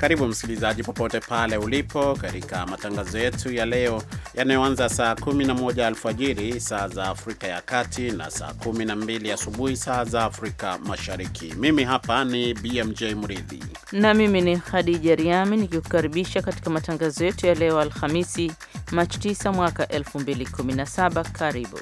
Karibu msikilizaji, popote pale ulipo, katika matangazo yetu ya leo yanayoanza saa 11 alfajiri saa za Afrika ya Kati na saa 12 asubuhi saa za Afrika Mashariki. Mimi hapa ni BMJ Mridhi na mimi ni Khadija Riami nikikukaribisha katika matangazo yetu ya leo Alhamisi, Machi 9 mwaka 2017. Karibu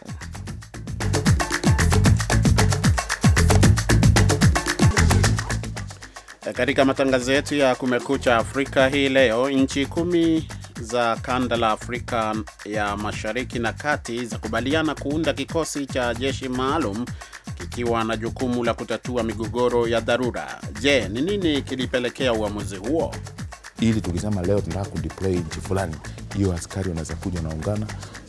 Katika matangazo yetu ya Kumekucha Afrika hii leo, nchi kumi za kanda la Afrika ya mashariki na kati zakubaliana kuunda kikosi cha jeshi maalum kikiwa na jukumu la kutatua migogoro ya dharura. Je, ni nini kilipelekea uamuzi huo? Ili tukisema leo tunataka kudeploy nchi fulani, hiyo askari wanaweza kuja wanaungana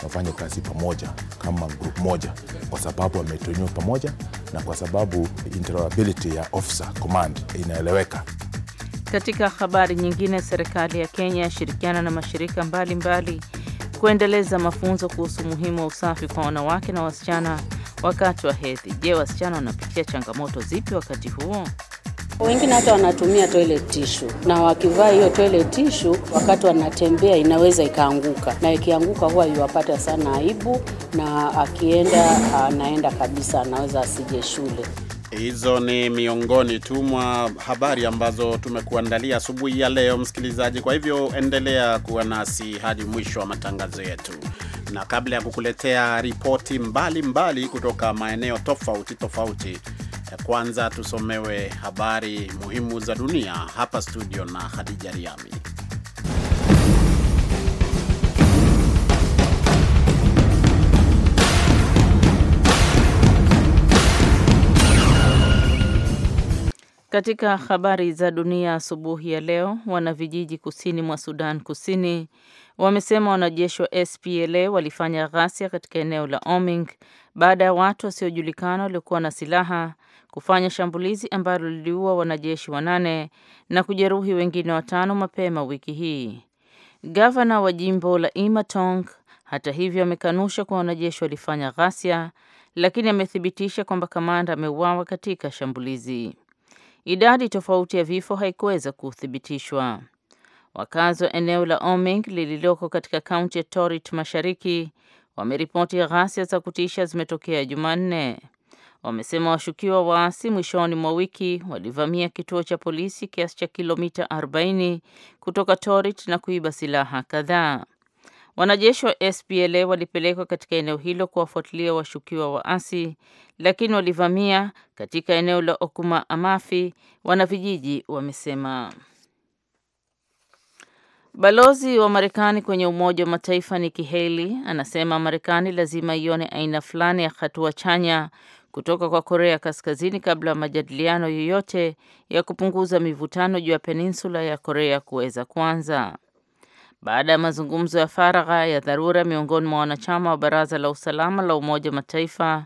tukafanya kazi pamoja kama group moja, kwa sababu ametrainiwa pamoja na kwa sababu interoperability ya officer command inaeleweka. Katika habari nyingine, serikali ya Kenya yashirikiana na mashirika mbalimbali mbali kuendeleza mafunzo kuhusu umuhimu wa usafi kwa wanawake na wasichana wakati wa hedhi. Je, wasichana wanapitia changamoto zipi wakati huo? Wengine hata wanatumia toilet tissue, na wakivaa hiyo toilet tissue wakati wanatembea inaweza ikaanguka, na ikianguka huwa iwapata sana aibu, na akienda anaenda kabisa, anaweza asije shule. Hizo ni miongoni tu mwa habari ambazo tumekuandalia asubuhi ya leo, msikilizaji. Kwa hivyo endelea kuwa nasi hadi mwisho wa matangazo yetu, na kabla ya kukuletea ripoti mbalimbali kutoka maeneo tofauti tofauti kwanza tusomewe habari muhimu za dunia hapa studio na Hadija Riami. Katika habari za dunia asubuhi ya leo, wanavijiji kusini mwa Sudan Kusini wamesema wanajeshi wa SPLA walifanya ghasia katika eneo la Oming baada ya watu wasiojulikana waliokuwa na silaha kufanya shambulizi ambalo liliua wanajeshi wanane na kujeruhi wengine watano mapema wiki hii. Gavana wa jimbo la Imatong hata hivyo amekanusha kuwa wanajeshi walifanya ghasia, lakini amethibitisha kwamba kamanda ameuawa katika shambulizi. Idadi tofauti ya vifo haikuweza kuthibitishwa. Wakazi wa eneo la Oming lililoko katika kaunti ya Torit Mashariki wameripoti ghasia za kutisha zimetokea Jumanne wamesema washukiwa waasi mwishoni mwa wiki walivamia kituo cha polisi kiasi cha kilomita 40 kutoka Torit na kuiba silaha kadhaa. Wanajeshi wa SPLA walipelekwa katika eneo hilo kuwafuatilia washukiwa waasi, lakini walivamia katika eneo la Okuma Amafi, wanavijiji wamesema. Balozi wa Marekani kwenye Umoja wa Mataifa Nikki Haley anasema Marekani lazima ione aina fulani ya hatua chanya kutoka kwa Korea Kaskazini kabla ya majadiliano yoyote ya kupunguza mivutano juu ya peninsula ya Korea kuweza kuanza. Baada ya mazungumzo ya faragha ya dharura miongoni mwa wanachama wa Baraza la Usalama la Umoja wa Mataifa,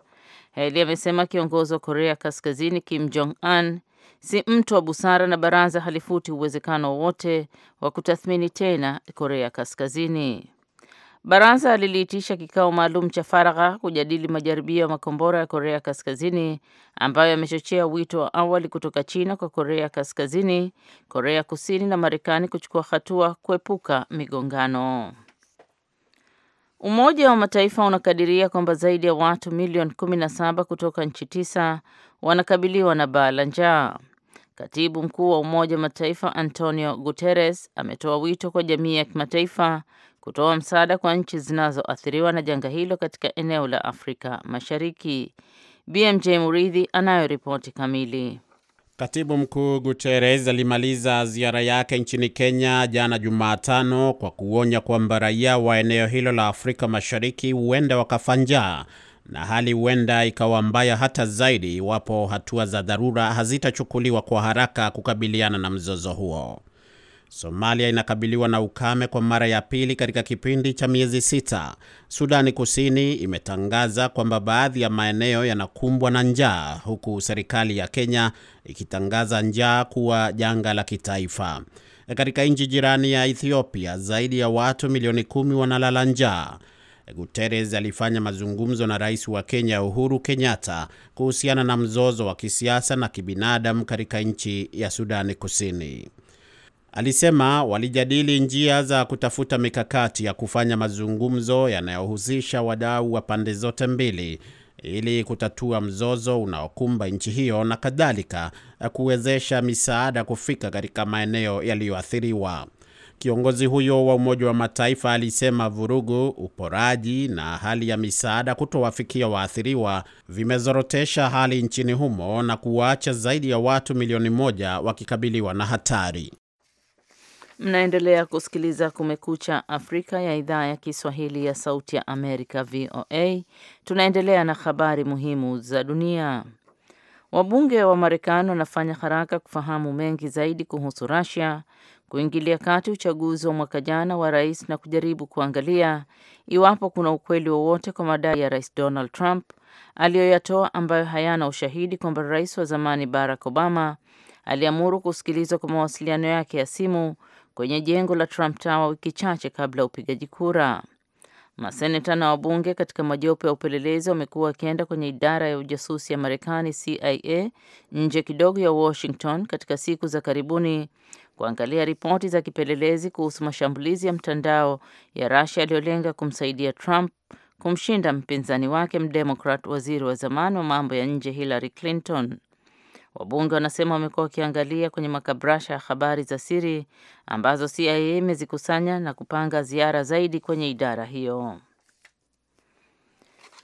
heli amesema kiongozi wa Korea Kaskazini Kim Jong Un si mtu wa busara na baraza halifuti uwezekano wowote wa kutathmini tena Korea Kaskazini. Baraza liliitisha kikao maalum cha faragha kujadili majaribio ya makombora ya Korea Kaskazini ambayo yamechochea wito wa awali kutoka China kwa Korea Kaskazini, Korea Kusini na Marekani kuchukua hatua kuepuka migongano. Umoja wa Mataifa unakadiria kwamba zaidi ya watu milioni 17 kutoka nchi tisa wanakabiliwa na baa la njaa. Katibu mkuu wa Umoja wa Mataifa Antonio Guterres ametoa wito kwa jamii ya kimataifa kutoa msaada kwa nchi zinazoathiriwa na janga hilo katika eneo la Afrika Mashariki. BMJ Muridhi anayo ripoti kamili. Katibu Mkuu Guterres alimaliza ziara yake nchini Kenya jana Jumatano kwa kuonya kwamba raia wa eneo hilo la Afrika Mashariki huenda wakafa njaa na hali huenda ikawa mbaya hata zaidi iwapo hatua za dharura hazitachukuliwa kwa haraka kukabiliana na mzozo huo. Somalia inakabiliwa na ukame kwa mara ya pili katika kipindi cha miezi sita. Sudani Kusini imetangaza kwamba baadhi ya maeneo yanakumbwa na njaa, huku serikali ya Kenya ikitangaza njaa kuwa janga la kitaifa. Katika nchi jirani ya Ethiopia, zaidi ya watu milioni kumi wanalala njaa. Guterres alifanya mazungumzo na rais wa Kenya Uhuru Kenyatta kuhusiana na mzozo wa kisiasa na kibinadamu katika nchi ya Sudani Kusini. Alisema walijadili njia za kutafuta mikakati ya kufanya mazungumzo yanayohusisha wadau wa pande zote mbili ili kutatua mzozo unaokumba nchi hiyo na kadhalika, eh, kuwezesha misaada kufika katika maeneo yaliyoathiriwa. Kiongozi huyo wa Umoja wa Mataifa alisema vurugu, uporaji na hali ya misaada kutowafikia waathiriwa vimezorotesha hali nchini humo na kuwaacha zaidi ya watu milioni moja wakikabiliwa na hatari. Mnaendelea kusikiliza Kumekucha Afrika ya idhaa ya Kiswahili ya Sauti ya Amerika, VOA. Tunaendelea na habari muhimu za dunia. Wabunge wa Marekani wanafanya haraka kufahamu mengi zaidi kuhusu rasia kuingilia kati uchaguzi wa mwaka jana wa rais na kujaribu kuangalia iwapo kuna ukweli wowote kwa madai ya Rais Donald Trump aliyoyatoa ambayo hayana ushahidi kwamba rais wa zamani Barack Obama aliamuru kusikilizwa kwa mawasiliano yake ya simu kwenye jengo la Trump Tower wiki chache kabla ya upigaji kura. Maseneta na wabunge katika majopo ya upelelezi wamekuwa wakienda kwenye idara ya ujasusi ya Marekani CIA nje kidogo ya Washington katika siku za karibuni kuangalia ripoti za kipelelezi kuhusu mashambulizi ya mtandao ya Russia yaliyolenga kumsaidia Trump kumshinda mpinzani wake mdemokrat, waziri wa zamani wa mambo ya nje Hillary Clinton. Wabunge wanasema wamekuwa wakiangalia kwenye makabrasha ya habari za siri ambazo CIA imezikusanya na kupanga ziara zaidi kwenye idara hiyo.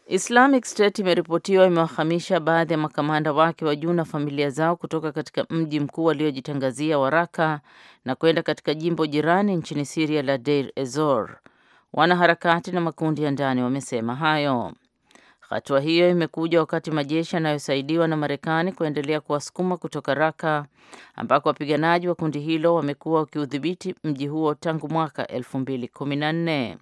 Islamic State imeripotiwa imewahamisha baadhi ya makamanda wake wa juu na familia zao kutoka katika mji mkuu waliojitangazia waraka na kwenda katika jimbo jirani nchini siria la Deir Ezor. Wanaharakati na makundi ya ndani wamesema hayo. Hatua hiyo imekuja wakati majeshi yanayosaidiwa na Marekani kuendelea kuwasukuma kutoka Raka ambako wapiganaji wa kundi hilo wamekuwa wakiudhibiti mji huo tangu mwaka 2014.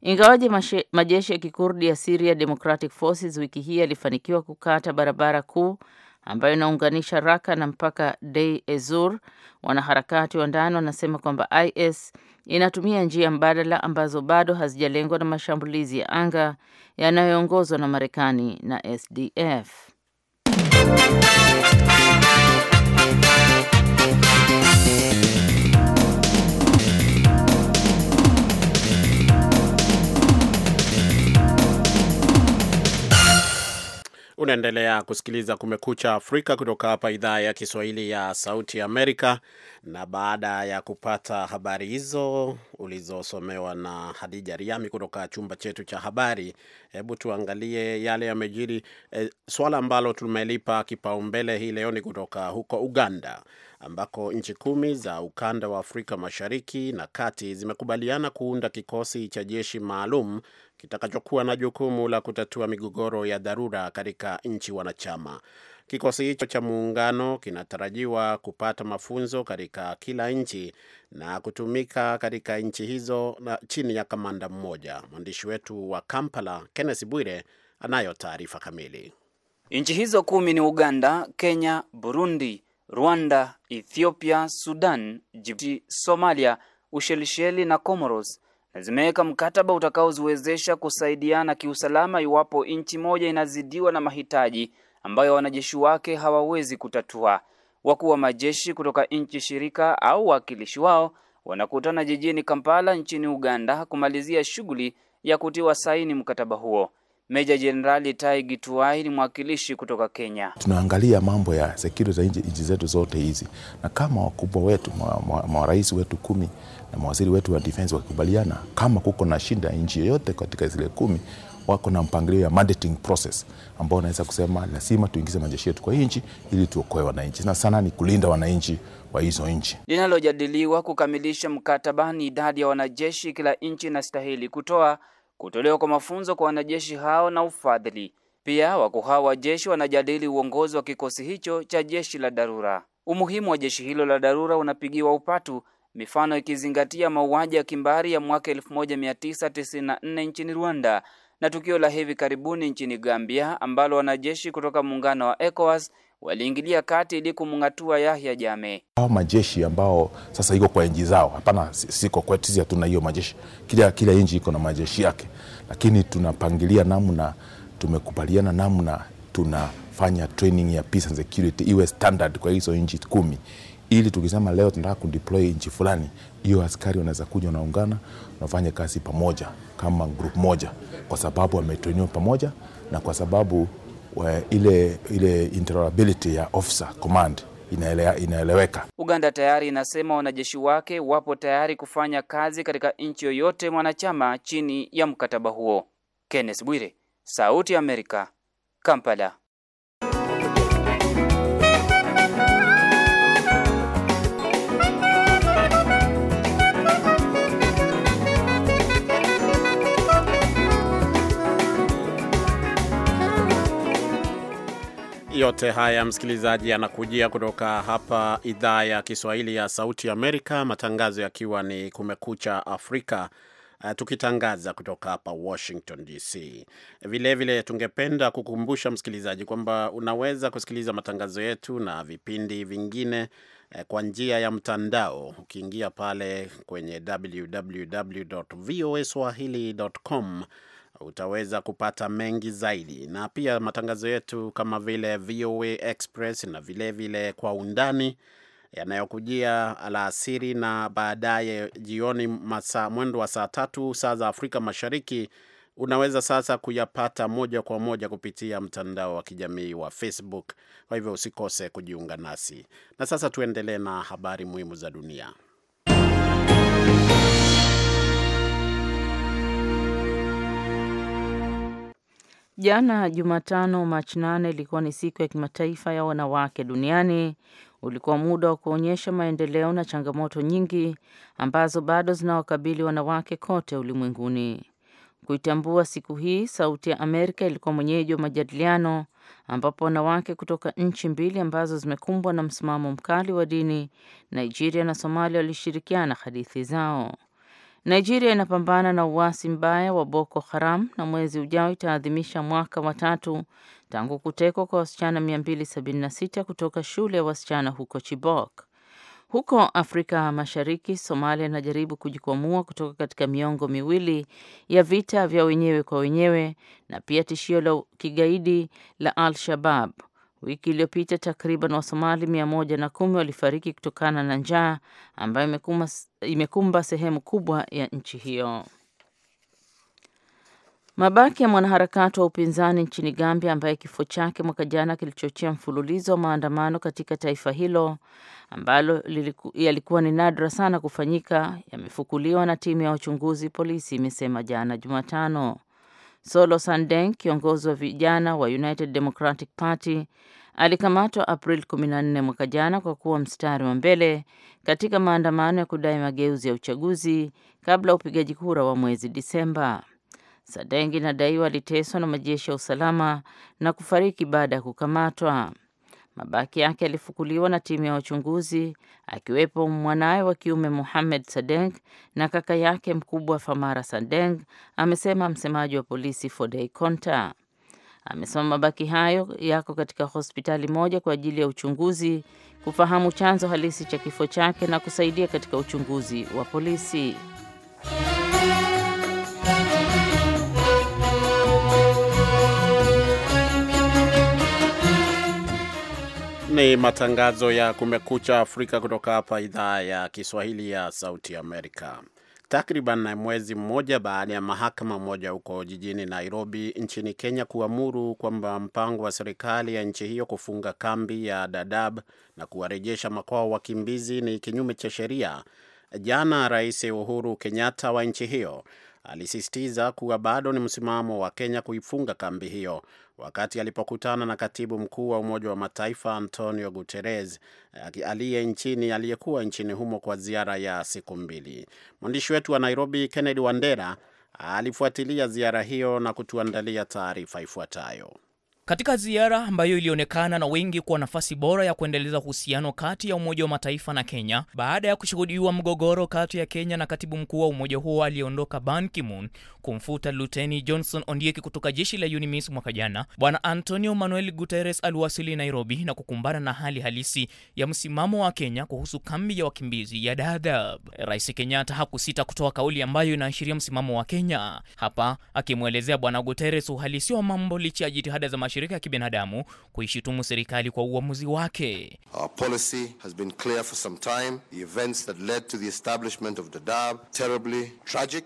Ingawaje majeshi ya Kikurdi ya Syria Democratic Forces wiki hii yalifanikiwa kukata barabara kuu ambayo inaunganisha Raka na mpaka Dei ezur Wanaharakati wa ndani wanasema kwamba IS inatumia njia mbadala ambazo bado hazijalengwa na mashambulizi ya anga yanayoongozwa na Marekani na SDF. Unaendelea kusikiliza Kumekucha Afrika kutoka hapa idhaa ya Kiswahili ya Sauti Amerika. Na baada ya kupata habari hizo ulizosomewa na Hadija Riami kutoka chumba chetu cha habari, hebu tuangalie yale yamejiri. E, swala ambalo tumelipa kipaumbele hii leo ni kutoka huko Uganda ambako nchi kumi za ukanda wa Afrika Mashariki na Kati zimekubaliana kuunda kikosi cha jeshi maalum kitakachokuwa na jukumu la kutatua migogoro ya dharura katika nchi wanachama. Kikosi hicho cha muungano kinatarajiwa kupata mafunzo katika kila nchi na kutumika katika nchi hizo na chini ya kamanda mmoja. Mwandishi wetu wa Kampala, Kenneth Bwire, anayo taarifa kamili. Nchi hizo kumi ni Uganda, Kenya, Burundi, Rwanda, Ethiopia, Sudan, Jibuti, Somalia, Ushelisheli na Comoros zimeweka mkataba utakaoziwezesha kusaidiana kiusalama iwapo nchi moja inazidiwa na mahitaji ambayo wanajeshi wake hawawezi kutatua. Wakuu wa majeshi kutoka nchi shirika au wawakilishi wao wanakutana jijini Kampala nchini Uganda kumalizia shughuli ya kutiwa saini mkataba huo. Meja Jenerali Tai Gituai ni mwakilishi kutoka Kenya. Tunaangalia mambo ya security za nchi zetu zote hizi, na kama wakubwa wetu marais ma, ma wetu kumi na mawaziri wetu wa defense wakikubaliana, kama kuko na shida nchi yoyote katika zile kumi, wako na mpangilio ya mandating process ambao wanaweza kusema lazima tuingize majeshi yetu kwa nchi ili tuokoe wananchi, na sana ni kulinda wananchi wa hizo nchi. Linalojadiliwa kukamilisha mkataba ni idadi ya wanajeshi kila nchi inastahili kutoa, kutolewa kwa mafunzo kwa wanajeshi hao na ufadhili. Pia wakuu hao wa jeshi wanajadili uongozi wa kikosi hicho cha jeshi la dharura. Umuhimu wa jeshi hilo la dharura unapigiwa upatu mifano ikizingatia mauaji ya kimbari ya mwaka 1994 nchini Rwanda na tukio la hivi karibuni nchini Gambia ambalo wanajeshi kutoka muungano wa ECOWAS waliingilia kati ili kumng'atua Yahya jame Hao majeshi ambao sasa iko kwa nji zao, hapana, siko kwetu, sisi hatuna hiyo majeshi. Kila, kila nchi iko na majeshi yake, lakini tunapangilia namna, tumekubaliana namna tunafanya training ya peace and security iwe standard kwa hizo nji kumi ili tukisema leo tunataka kudeploy nchi fulani, hiyo askari wanaweza kuja, wanaungana, wanafanya kazi pamoja kama group moja, kwa sababu wametrainiwa pamoja na kwa sababu we, eh, ile, ile interoperability ya officer command inaelea, inaeleweka. Uganda tayari inasema wanajeshi wake wapo tayari kufanya kazi katika nchi yoyote mwanachama chini ya mkataba huo. Kenneth Bwire, Sauti ya Amerika, Kampala. Yote haya msikilizaji, anakujia kutoka hapa idhaa ya Kiswahili ya Sauti Amerika, matangazo yakiwa ni Kumekucha Afrika, uh, tukitangaza kutoka hapa Washington DC. Vilevile tungependa kukumbusha msikilizaji kwamba unaweza kusikiliza matangazo yetu na vipindi vingine eh, kwa njia ya mtandao ukiingia pale kwenye www voa swahili.com utaweza kupata mengi zaidi, na pia matangazo yetu kama vile VOA Express na vilevile vile kwa undani yanayokujia alasiri na baadaye jioni, masaa mwendo wa saa tatu saa za Afrika Mashariki. Unaweza sasa kuyapata moja kwa moja kupitia mtandao wa kijamii wa Facebook. Kwa hivyo usikose kujiunga nasi, na sasa tuendelee na habari muhimu za dunia. Jana Jumatano, Machi nane, ilikuwa ni siku ya kimataifa ya wanawake duniani. Ulikuwa muda wa kuonyesha maendeleo na changamoto nyingi ambazo bado zinawakabili wanawake kote ulimwenguni. Kuitambua siku hii, Sauti ya Amerika ilikuwa mwenyeji wa majadiliano ambapo wanawake kutoka nchi mbili ambazo zimekumbwa na msimamo mkali wa dini, Nigeria na Somalia, walishirikiana hadithi zao. Nigeria inapambana na uasi mbaya wa Boko Haram na mwezi ujao itaadhimisha mwaka wa tatu tangu kutekwa kwa wasichana 276 kutoka shule ya wasichana huko Chibok. Huko Afrika Mashariki, Somalia inajaribu kujikwamua kutoka katika miongo miwili ya vita vya wenyewe kwa wenyewe na pia tishio la kigaidi la Al-Shabab. Wiki iliyopita takriban Wasomali mia moja na kumi walifariki kutokana na njaa ambayo imekumba sehemu kubwa ya nchi hiyo. Mabaki ya mwanaharakati wa upinzani nchini Gambia ambaye kifo chake mwaka jana kilichochea mfululizo wa maandamano katika taifa hilo ambalo yalikuwa ni nadra sana kufanyika yamefukuliwa na timu ya wachunguzi, polisi imesema jana Jumatano. Solo Sandeng, kiongozi wa vijana wa United Democratic Party, alikamatwa April 14 mwaka jana kwa kuwa mstari wa mbele katika maandamano ya kudai mageuzi ya uchaguzi kabla ya upigaji kura wa mwezi Disemba. Sandeng inadaiwa aliteswa na majeshi ya usalama na kufariki baada ya kukamatwa. Mabaki yake yalifukuliwa na timu ya wachunguzi akiwepo mwanawe wa kiume Mohamed Sadeng na kaka yake mkubwa Famara Sadeng, amesema msemaji wa polisi Fodei Konta. Amesema mabaki hayo yako katika hospitali moja kwa ajili ya uchunguzi kufahamu chanzo halisi cha kifo chake na kusaidia katika uchunguzi wa polisi. Ni matangazo ya Kumekucha Afrika kutoka hapa idhaa ya Kiswahili ya Sauti Amerika. Takriban mwezi mmoja baada ya mahakama moja huko jijini Nairobi nchini Kenya kuamuru kwamba mpango wa serikali ya nchi hiyo kufunga kambi ya dadab na kuwarejesha makwao wakimbizi ni kinyume cha sheria, jana Rais Uhuru Kenyatta wa nchi hiyo alisisitiza kuwa bado ni msimamo wa Kenya kuifunga kambi hiyo wakati alipokutana na katibu mkuu wa Umoja wa Mataifa Antonio Guterres aliye nchini aliyekuwa nchini humo kwa ziara ya siku mbili. Mwandishi wetu wa Nairobi Kennedy Wandera alifuatilia ziara hiyo na kutuandalia taarifa ifuatayo. Katika ziara ambayo ilionekana na wengi kuwa nafasi bora ya kuendeleza uhusiano kati ya Umoja wa Mataifa na Kenya baada ya kushuhudiwa mgogoro kati ya Kenya na katibu mkuu wa umoja huo aliyeondoka Ban Ki-moon kumfuta Luteni Johnson Ondieki kutoka jeshi la UNMISS mwaka jana, Bwana Antonio Manuel Guterres aliwasili Nairobi na kukumbana na hali halisi ya msimamo wa Kenya kuhusu kambi ya wakimbizi ya Dadaab. Rais Kenyatta hakusita kutoa kauli ambayo inaashiria msimamo wa Kenya, hapa akimwelezea Bwana Guterres uhalisi wa mambo licha ya jitihada za mashirika ya kibinadamu kuishitumu serikali kwa uamuzi wake. Our policy has been clear for some time. The events that led to the establishment of Dadaab terribly tragic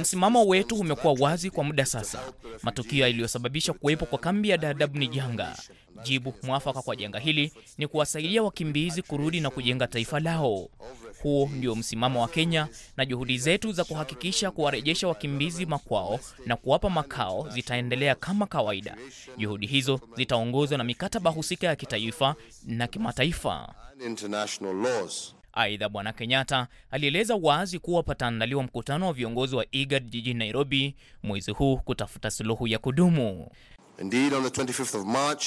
Msimamo wetu umekuwa wazi kwa muda sasa. Matukio yaliyosababisha kuwepo kwa kambi ya Dadaab ni janga. Jibu mwafaka kwa janga hili ni kuwasaidia wakimbizi kurudi na kujenga taifa lao. Huo ndio msimamo wa Kenya, na juhudi zetu za kuhakikisha kuwarejesha wakimbizi makwao na kuwapa makao zitaendelea kama kawaida. Juhudi hizo zitaongozwa na mikataba husika ya kitaifa na kimataifa. Aidha, Bwana Kenyatta alieleza wazi kuwa pataandaliwa mkutano wa viongozi wa IGAD jijini Nairobi mwezi huu kutafuta suluhu ya kudumu. Indeed, on the 25th of March,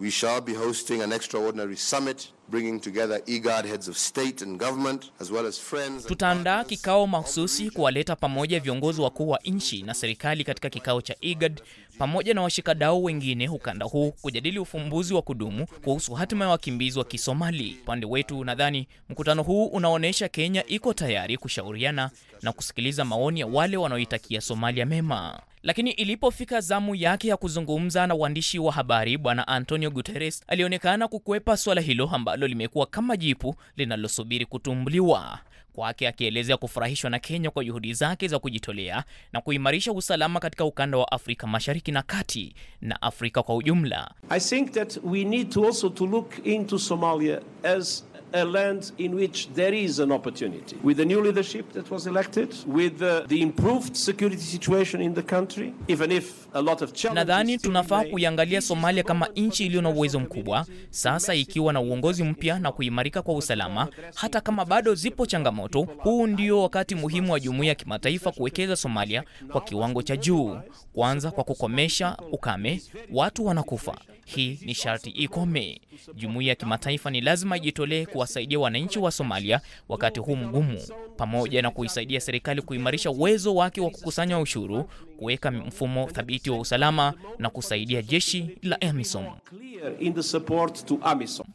we shall be hosting an extraordinary summit bringing together IGAD heads of state and government as well as friends. Tutaandaa kikao mahususi kuwaleta pamoja viongozi wakuu wa nchi na serikali katika kikao cha IGAD pamoja na washikadau wengine ukanda huu kujadili ufumbuzi wa kudumu kuhusu hatima ya wakimbizi wa Kisomali. Upande wetu, nadhani mkutano huu unaonyesha Kenya iko tayari kushauriana na kusikiliza maoni ya wale wanaoitakia Somalia mema. Lakini ilipofika zamu yake ya kuzungumza na waandishi wa habari, bwana Antonio Guterres alionekana kukwepa swala hilo ambalo limekuwa kama jipu linalosubiri kutumbuliwa kwake, akielezea kufurahishwa na Kenya kwa juhudi zake za kujitolea na kuimarisha usalama katika ukanda wa Afrika Mashariki na Kati na Afrika kwa ujumla. I think that we need to also to look into Somalia as a land in which there is an opportunity. With the new leadership that was elected, with the, uh, the improved security situation in the country, even if a lot of challenges. Nadhani tunafaa kuiangalia Somalia kama nchi iliyo na uwezo mkubwa, sasa ikiwa na uongozi mpya na kuimarika kwa usalama. Hata kama bado zipo changamoto, huu ndio wakati muhimu wa jumuiya ya kimataifa kuwekeza Somalia kwa kiwango cha juu, kwanza kwa kukomesha ukame, watu wanakufa hii ni sharti ikome. Jumuiya ya kimataifa ni lazima ijitolee kuwasaidia wananchi wa Somalia wakati huu mgumu, pamoja na kuisaidia serikali kuimarisha uwezo wake wa kukusanya ushuru, kuweka mfumo thabiti wa usalama na kusaidia jeshi la AMISOM.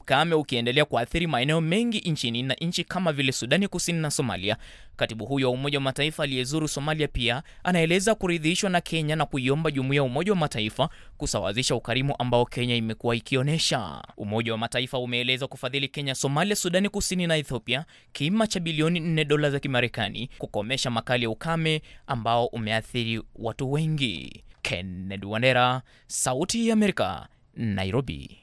Ukame ukiendelea kuathiri maeneo mengi nchini na nchi kama vile Sudani Kusini na Somalia. Katibu huyo wa Umoja wa Mataifa aliyezuru Somalia pia anaeleza kuridhishwa na Kenya na kuiomba jumuiya ya Umoja wa Mataifa kusawazisha ukarimu ambao Kenya imekuwa ikionyesha. Umoja wa Mataifa umeeleza kufadhili Kenya, Somalia, Sudani Kusini na Ethiopia kima cha bilioni 4 dola za Kimarekani kukomesha makali ya ukame ambao umeathiri watu wengi. Kennedy Wandera, Sauti ya Amerika, Nairobi.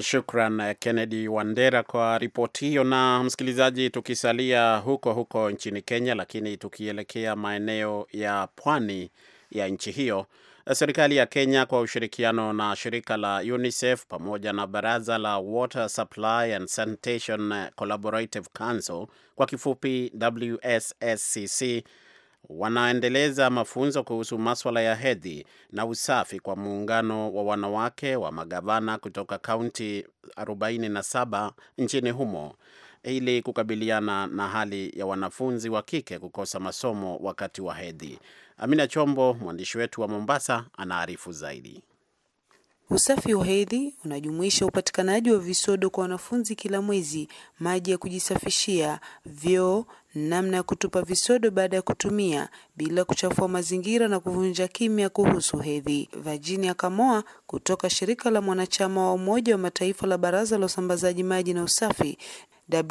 Shukran eh, Kennedy Wandera kwa ripoti hiyo. Na msikilizaji, tukisalia huko huko nchini Kenya, lakini tukielekea maeneo ya pwani ya nchi hiyo, eh, serikali ya Kenya kwa ushirikiano na shirika la UNICEF pamoja na baraza la Water Supply and Sanitation eh, Collaborative Council, kwa kifupi WSSCC wanaendeleza mafunzo kuhusu maswala ya hedhi na usafi kwa muungano wa wanawake wa magavana kutoka kaunti 47 nchini humo ili kukabiliana na hali ya wanafunzi wa kike kukosa masomo wakati wa hedhi. Amina Chombo, mwandishi wetu wa Mombasa, anaarifu zaidi. Usafi wa hedhi unajumuisha upatikanaji wa visodo kwa wanafunzi kila mwezi, maji ya kujisafishia, vyoo, namna ya kutupa visodo baada ya kutumia bila kuchafua mazingira na kuvunja kimya kuhusu hedhi. Virginia Kamoa kutoka shirika la mwanachama wa Umoja wa Mataifa la Baraza la Usambazaji Maji na Usafi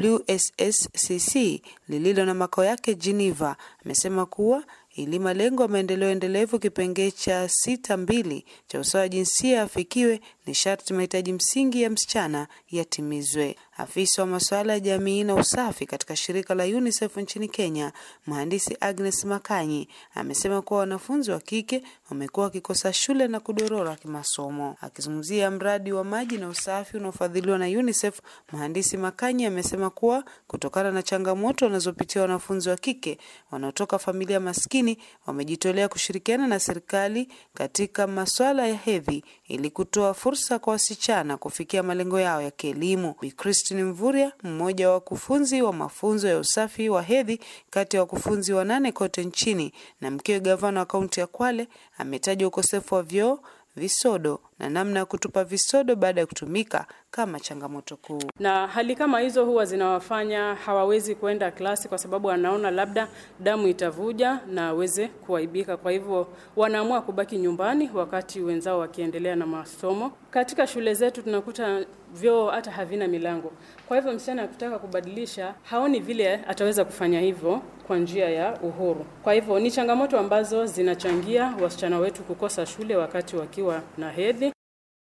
WSSCC lililo na makao yake Geneva amesema kuwa ili malengo ya maendeleo endelevu kipengee cha sita mbili cha usawa wa jinsia afikiwe ni sharti mahitaji msingi ya msichana yatimizwe. Afisa wa masuala ya jamii na usafi katika shirika la UNICEF nchini Kenya, mhandisi Agnes Makanyi amesema kuwa wanafunzi wa kike wamekuwa wakikosa shule na kudorora kimasomo. Akizungumzia mradi wa maji na usafi unaofadhiliwa na UNICEF, mhandisi Makanyi amesema kuwa kutokana na changamoto wanazopitia wanafunzi wa kike wanaotoka familia maskini, wamejitolea kushirikiana na serikali katika masuala ya hedhi ili kutoa fursa fursa kwa wasichana kufikia malengo yao ya kielimu. Bi Christine Mvurya, mmoja wa wakufunzi wa mafunzo ya usafi wa hedhi kati ya wakufunzi wanane kote nchini na mkewe gavana wa kaunti ya Kwale, ametaja ukosefu wa vyoo, visodo na namna ya kutupa visodo baada ya kutumika kama changamoto kuu. Na hali kama hizo huwa zinawafanya hawawezi kuenda klasi, kwa sababu wanaona labda damu itavuja na aweze kuaibika. Kwa hivyo wanaamua kubaki nyumbani, wakati wenzao wakiendelea na masomo. Katika shule zetu tunakuta vyoo hata havina milango. Kwa hivyo msichana akitaka kubadilisha, haoni vile ataweza kufanya hivyo kwa njia ya uhuru. Kwa hivyo ni changamoto ambazo zinachangia wasichana wetu kukosa shule wakati wakiwa na hedhi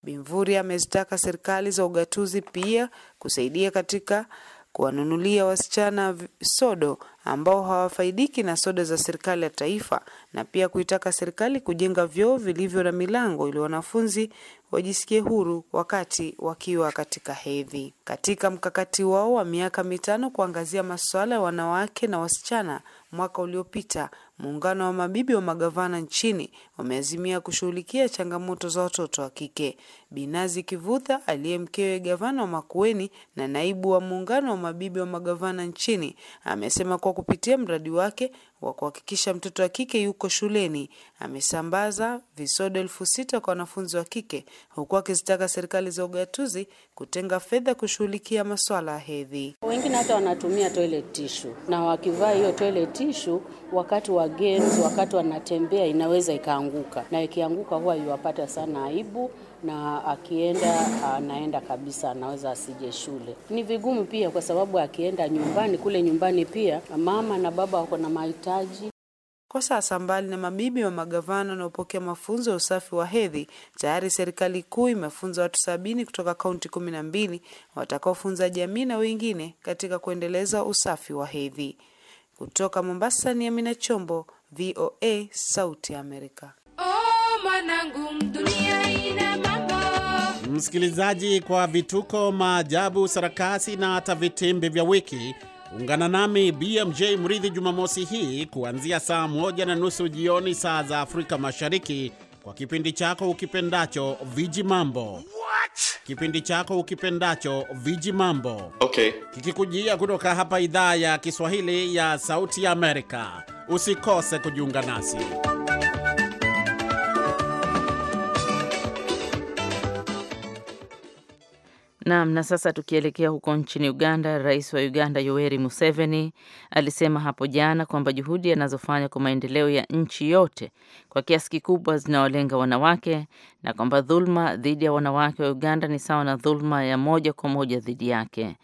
Bimvuri amezitaka serikali za ugatuzi pia kusaidia katika kuwanunulia wasichana sodo ambao hawafaidiki na soda za serikali ya taifa, na pia kuitaka serikali kujenga vyoo vilivyo na milango ili wanafunzi wajisikie huru wakati wakiwa katika hedhi. Katika mkakati wao wa miaka mitano kuangazia masuala ya wanawake na wasichana, mwaka uliopita muungano wa mabibi wa magavana nchini wameazimia kushughulikia changamoto za watoto wa kike. Binazi Kivutha aliye mkewe gavana wa Makueni na naibu wa muungano wa mabibi wa magavana nchini amesema kwa kupitia mradi wake wa kuhakikisha mtoto wa kike yuko shuleni amesambaza visodo elfu sita kwa wanafunzi wa kike huku akizitaka serikali za ugatuzi kutenga fedha kushughulikia maswala ya hedhi. Wengine hata wanatumia toilet na wakivaa hiyo toilet wakati wa games, wakati wanatembea, inaweza ikaanguka, na ikianguka huwa iwapata sana aibu na akienda anaenda kabisa, anaweza asije shule. Ni vigumu pia kwa sababu akienda nyumbani, kule nyumbani pia mama na baba wako na mahitaji. Kwa sasa mbali na mabibi wa magavana wanaopokea mafunzo ya usafi wa hedhi, tayari serikali kuu imefunza watu sabini kutoka kaunti kumi na mbili watakaofunza jamii na wengine katika kuendeleza usafi wa hedhi. Kutoka Mombasa ni Amina Chombo, VOA, Sauti ya Amerika. Msikilizaji, kwa vituko, maajabu, sarakasi na hata vitimbi vya wiki, ungana nami BMJ Mridhi Jumamosi hii kuanzia saa moja na nusu jioni saa za Afrika Mashariki kwa kipindi chako ukipendacho Viji Mambo. Kipindi chako ukipendacho Viji Mambo, okay, kikikujia kutoka hapa idhaa ya Kiswahili ya Sauti ya Amerika. Usikose kujiunga nasi. Naam, na sasa tukielekea huko nchini Uganda, Rais wa Uganda Yoweri Museveni alisema hapo jana kwamba juhudi anazofanya kwa maendeleo ya nchi yote kwa kiasi kikubwa zinawalenga wanawake na kwamba dhuluma dhidi ya wanawake wa Uganda ni sawa na dhuluma ya moja kwa moja dhidi yake.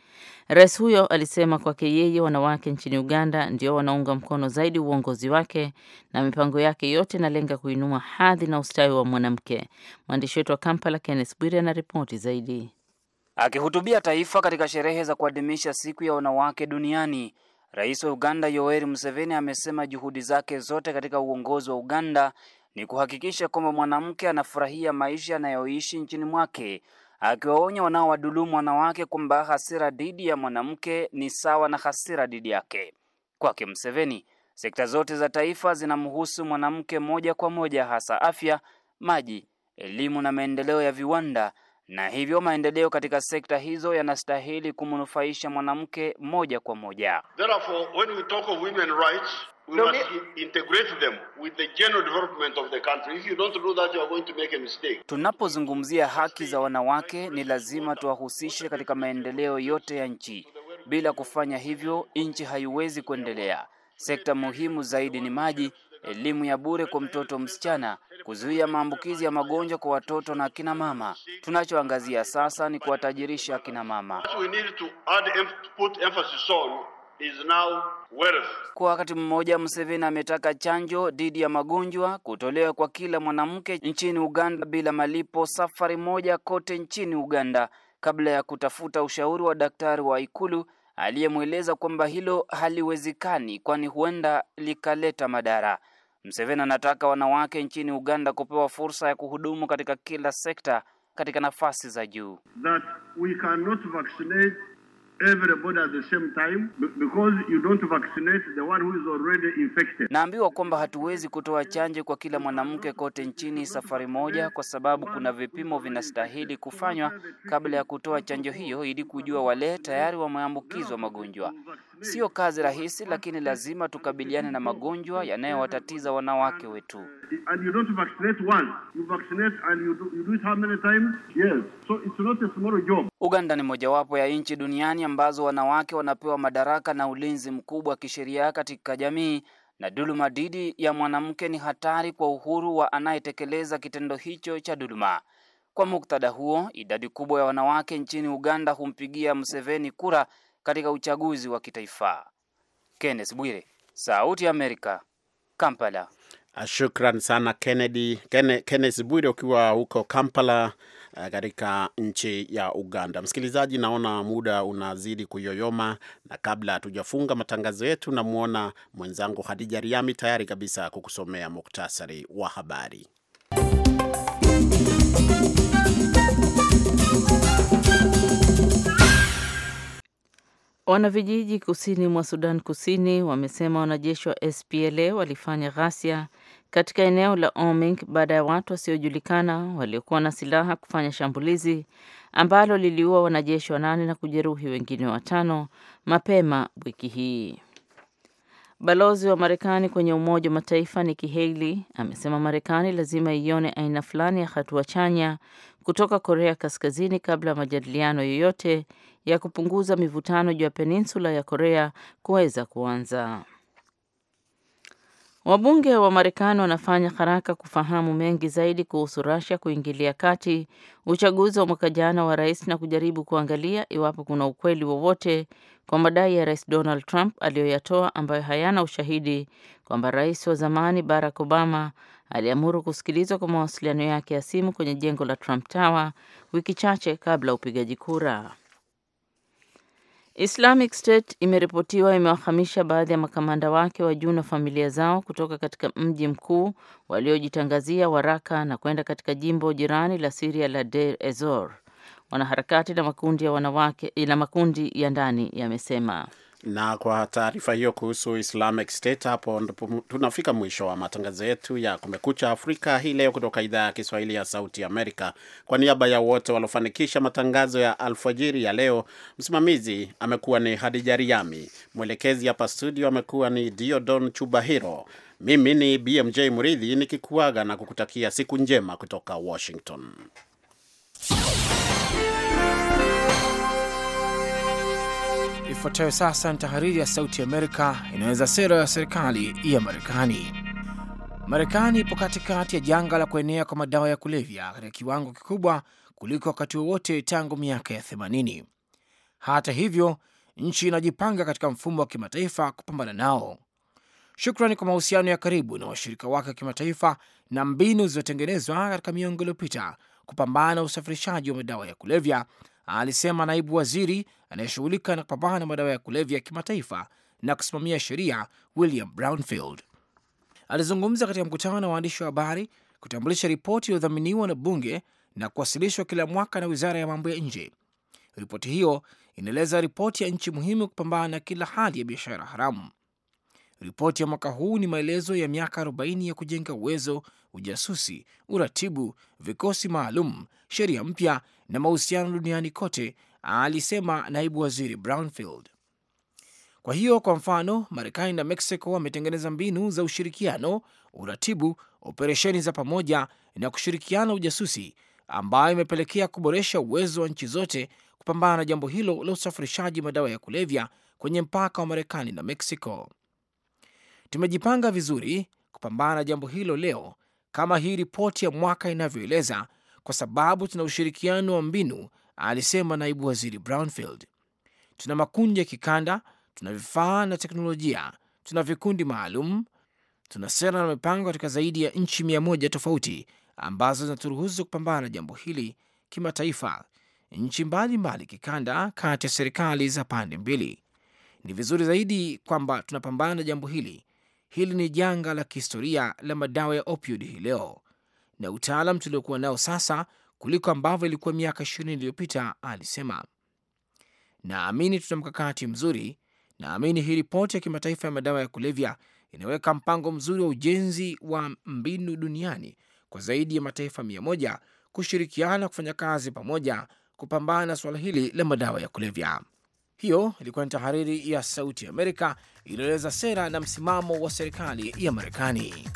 Rais huyo alisema kwake yeye wanawake nchini Uganda ndio wanaunga mkono zaidi uongozi wake na mipango yake yote inalenga kuinua hadhi na ustawi wa mwanamke. Mwandishi wetu wa Kampala Kenneth Bwire ana ripoti zaidi. Akihutubia taifa katika sherehe za kuadhimisha siku ya wanawake duniani, Rais wa Uganda Yoweri Museveni amesema juhudi zake zote katika uongozi wa Uganda ni kuhakikisha kwamba mwanamke anafurahia maisha anayoishi nchini mwake, akiwaonya wanaowadhulumu wanawake kwamba hasira dhidi ya mwanamke ni sawa na hasira dhidi yake. Kwake Museveni, sekta zote za taifa zinamhusu mwanamke moja kwa moja, hasa afya, maji, elimu na maendeleo ya viwanda na hivyo maendeleo katika sekta hizo yanastahili kumnufaisha mwanamke moja kwa moja. Tunapozungumzia haki za wanawake, ni lazima tuwahusishe katika maendeleo yote ya nchi. Bila kufanya hivyo, nchi haiwezi kuendelea. Sekta muhimu zaidi ni maji elimu ya bure kwa mtoto msichana, kuzuia maambukizi ya magonjwa kwa watoto na akina mama. Tunachoangazia sasa ni kuwatajirisha akina mama. Kwa wakati mmoja, Museveni ametaka chanjo dhidi ya magonjwa kutolewa kwa kila mwanamke nchini Uganda bila malipo, safari moja kote nchini Uganda, kabla ya kutafuta ushauri wa daktari wa Ikulu aliyemweleza kwamba hilo haliwezekani, kwani huenda likaleta madhara. Mseveni anataka wanawake nchini Uganda kupewa fursa ya kuhudumu katika kila sekta katika nafasi za juu. That we cannot vaccinate everybody at the same time because you don't vaccinate the one who is already infected. Naambiwa kwamba hatuwezi kutoa chanjo kwa kila mwanamke kote nchini safari moja, kwa sababu kuna vipimo vinastahili kufanywa kabla ya kutoa chanjo hiyo, ili kujua wale tayari wameambukizwa magonjwa. Sio kazi rahisi, lakini lazima tukabiliane na magonjwa yanayowatatiza wanawake wetu. Uganda ni mojawapo ya nchi duniani ambazo wanawake wanapewa madaraka na ulinzi mkubwa wa kisheria katika jamii na dhuluma dhidi ya mwanamke ni hatari kwa uhuru wa anayetekeleza kitendo hicho cha dhuluma. Kwa muktadha huo, idadi kubwa ya wanawake nchini Uganda humpigia Museveni kura katika uchaguzi wa kitaifa. Kenneth Bwire, Sauti ya Amerika, Kampala. Ah, shukran sana Kennedy, Kenneth Bwire ukiwa huko Kampala ah, katika nchi ya Uganda. Msikilizaji, naona muda unazidi kuyoyoma, na kabla hatujafunga matangazo yetu, namwona mwenzangu Hadija Riami tayari kabisa kukusomea muktasari wa habari. Wanavijiji kusini mwa Sudan Kusini wamesema wanajeshi wa SPLA walifanya ghasia katika eneo la Oming baada ya watu wasiojulikana waliokuwa na silaha kufanya shambulizi ambalo liliua wanajeshi wanane na kujeruhi wengine watano mapema wiki hii. Balozi wa Marekani kwenye Umoja wa Mataifa Nikki Haley amesema Marekani lazima ione aina fulani ya hatua chanya kutoka Korea Kaskazini kabla ya majadiliano yoyote ya kupunguza mivutano juu ya peninsula ya Korea kuweza kuanza. Wabunge wa Marekani wanafanya haraka kufahamu mengi zaidi kuhusu Russia kuingilia kati uchaguzi wa mwaka jana wa rais na kujaribu kuangalia iwapo kuna ukweli wowote kwa madai ya Rais Donald Trump aliyoyatoa ambayo hayana ushahidi kwamba rais wa zamani Barack Obama aliamuru kusikilizwa kwa mawasiliano yake ya simu kwenye jengo la Trump Tower wiki chache kabla ya upigaji kura. Islamic State imeripotiwa imewahamisha baadhi ya makamanda wake wa juu na familia zao kutoka katika mji mkuu waliojitangazia waraka na kwenda katika jimbo jirani la Syria la Deir Ezor. Wanaharakati na makundi ya wanawake na makundi ya ndani yamesema. Na kwa taarifa hiyo kuhusu Islamic State, hapo tunafika mwisho wa matangazo yetu ya Kumekucha Afrika hii leo kutoka idhaa ya Kiswahili ya Sauti Amerika. Kwa niaba ya wote waliofanikisha matangazo ya alfajiri ya leo, msimamizi amekuwa ni Hadija Riami, mwelekezi hapa studio amekuwa ni Diodon Chubahiro. Mimi ni BMJ Muridhi nikikuaga na kukutakia siku njema kutoka Washington. Ifuatayo sasa ni tahariri ya Sauti ya Amerika inaweza sera ya serikali ya Marekani. Marekani ipo katikati ya janga la kuenea kwa madawa ya kulevya katika kiwango kikubwa kuliko wakati wowote tangu miaka ya 80. Hata hivyo, nchi inajipanga katika mfumo wa kimataifa kupambana nao. Shukrani kwa mahusiano ya karibu na washirika wake wa kimataifa na mbinu zilizotengenezwa katika miongo iliyopita kupambana na usafirishaji wa madawa ya kulevya alisema naibu waziri anayeshughulika na kupambana na madawa ya kulevya kimataifa na kusimamia sheria William Brownfield. Alizungumza katika mkutano na waandishi wa habari kutambulisha ripoti iliyodhaminiwa na bunge na kuwasilishwa kila mwaka na wizara ya mambo ya nje. Ripoti hiyo inaeleza ripoti ya nchi muhimu kupambana na kila hali ya biashara haramu. Ripoti ya mwaka huu ni maelezo ya miaka 40 ya kujenga uwezo, ujasusi, uratibu, vikosi maalum, sheria mpya na mahusiano duniani kote, alisema naibu waziri Brownfield. Kwa hiyo kwa mfano, Marekani na Mexico wametengeneza mbinu za ushirikiano, uratibu, operesheni za pamoja na kushirikiana ujasusi, ambayo imepelekea kuboresha uwezo wa nchi zote kupambana na jambo hilo la usafirishaji madawa ya kulevya kwenye mpaka wa Marekani na Mexico. Tumejipanga vizuri kupambana na jambo hilo leo kama hii ripoti ya mwaka inavyoeleza, kwa sababu tuna ushirikiano wa mbinu, alisema naibu waziri Brownfield. Tuna makundi ya kikanda, tuna vifaa na teknolojia, tuna vikundi maalum, tuna sera na mipango katika zaidi ya nchi mia moja tofauti ambazo zinaturuhusu kupambana na jambo hili kimataifa, nchi mbalimbali kikanda, kati ya serikali za pande mbili. Ni vizuri zaidi kwamba tunapambana na jambo hili hili ni janga la kihistoria la madawa ya opioid hii leo na utaalam tuliokuwa nao sasa kuliko ambavyo ilikuwa miaka ishirini iliyopita, alisema. Naamini tuna mkakati mzuri. Naamini hii ripoti ya kimataifa ya madawa ya kulevya inaweka mpango mzuri wa ujenzi wa mbinu duniani kwa zaidi ya mataifa mia moja kushirikiana kufanya kazi pamoja kupambana na suala hili la madawa ya kulevya. Hiyo ilikuwa ni tahariri ya Sauti ya Amerika iliyoeleza sera na msimamo wa serikali ya Marekani.